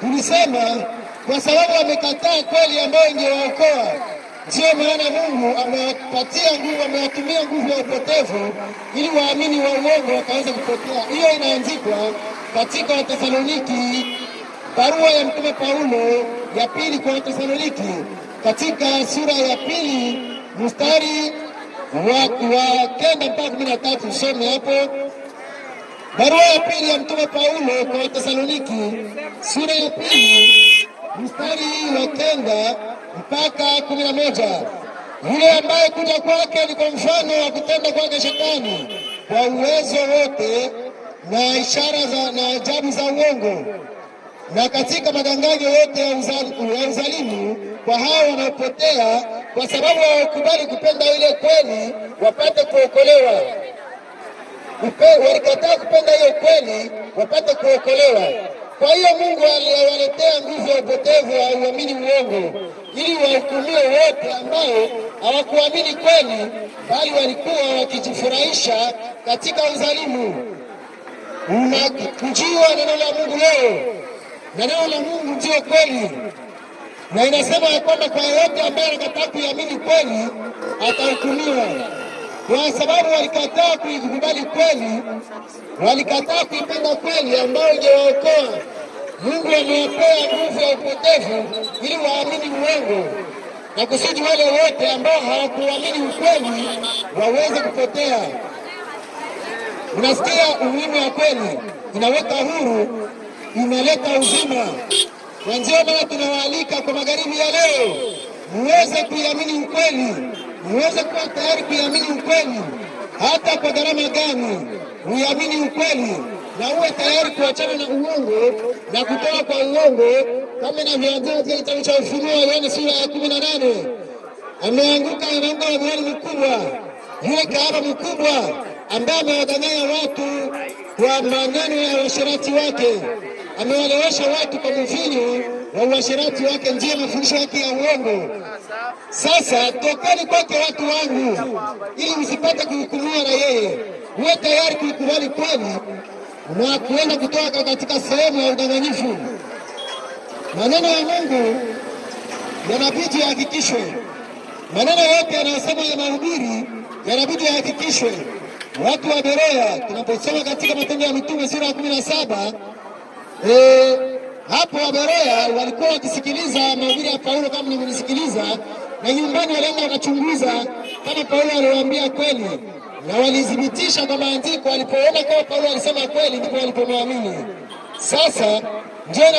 tulisema kwa sababu wamekataa kweli ambayo ingewaokoa, ndiyo maana Mungu amewapatia nguvu, amewatumia nguvu ya upotevu ili waamini wa uongo wakaweza kupotea. Hiyo inaandikwa katika Wathesaloniki, barua ya mtume Paulo ya pili kwa Wathesaloniki katika sura ya pili mstari wa kenda mpaka kumi na tatu. Usome hapo. Barua ya pili ya mtume Paulo kwa wathesaloniki sura ya pili mstari wa kenda mpaka kumi na moja yule ambaye kuja kwake ni kwa mfano wa kutenda kwake shetani kwa uwezo wote na ishara za, na ajabu za uongo na katika madanganyo yote ya uzalimu kwa hao wanaopotea, kwa sababu hawakubali kupenda ile kweli wapate kuokolewa walikataa kupenda hiyo kweli wapate kuokolewa. Kwa hiyo Mungu aliwaletea nguvu ya upotevu wa uamini uongo, ili wahukumiwe wote ambao hawakuamini kweli, bali walikuwa wakijifurahisha katika udhalimu. Mnajua neno la Mungu leo, na neno la Mungu ndio kweli, na inasema ya kwamba kwa yeyote ambaye anakataa kuamini kweli atahukumiwa kwa sababu walikataa kuikubali kweli, walikataa kuipenda kweli ambayo ingewaokoa. Mungu amewapea nguvu ya upotevu ili waamini uongo na kusudi wale wote ambao hawakuamini ukweli waweze kupotea. Unasikia, umuhimu wa kweli inaweka huru, inaleta uzima. Kwa njia maana tunawaalika kwa magharibi ya leo muweze kuiamini ukweli muweze kuwa tayari kuiamini ukweli, hata kwa gharama gani, uiamini ukweli na uwe tayari kuachana na uongo na kutoka kwa uongo, kama inavyoanzia katika kitabu cha Ufunuo wa Yohana sura ya kumi na nane ameanguka wa wamuhani mkubwa, yule kahaba mkubwa ambaye amewadanganya watu kwa maneno ya uasherati wake, amewalewesha watu kwa mvinyo wa uasherati wake, njia mafundisho yake ya uongo. Sasa tokeni kwake watu wangu, ili msipate kuhukumiwa na yeye. Uwe tayari kuikubali kweli na kuenda kutoka katika sehemu ya udanganyifu. Maneno ya Mungu yanabidi yahakikishwe. Maneno yote yanayosema ya mahubiri yanabidi yahakikishwe. Watu wa Beroya, tunaposoma katika Matendo ya Mitume sura ya kumi na saba eh, hapo waberea walikuwa wakisikiliza mahubiri ya Paulo, kama nilisikiliza, na nyumbani walienda wakachunguza kama Paulo aliwaambia kweli, na walithibitisha kwa maandiko. Walipoona kama Paulo alisema kweli, ndipo walipomwamini. Sasa njoo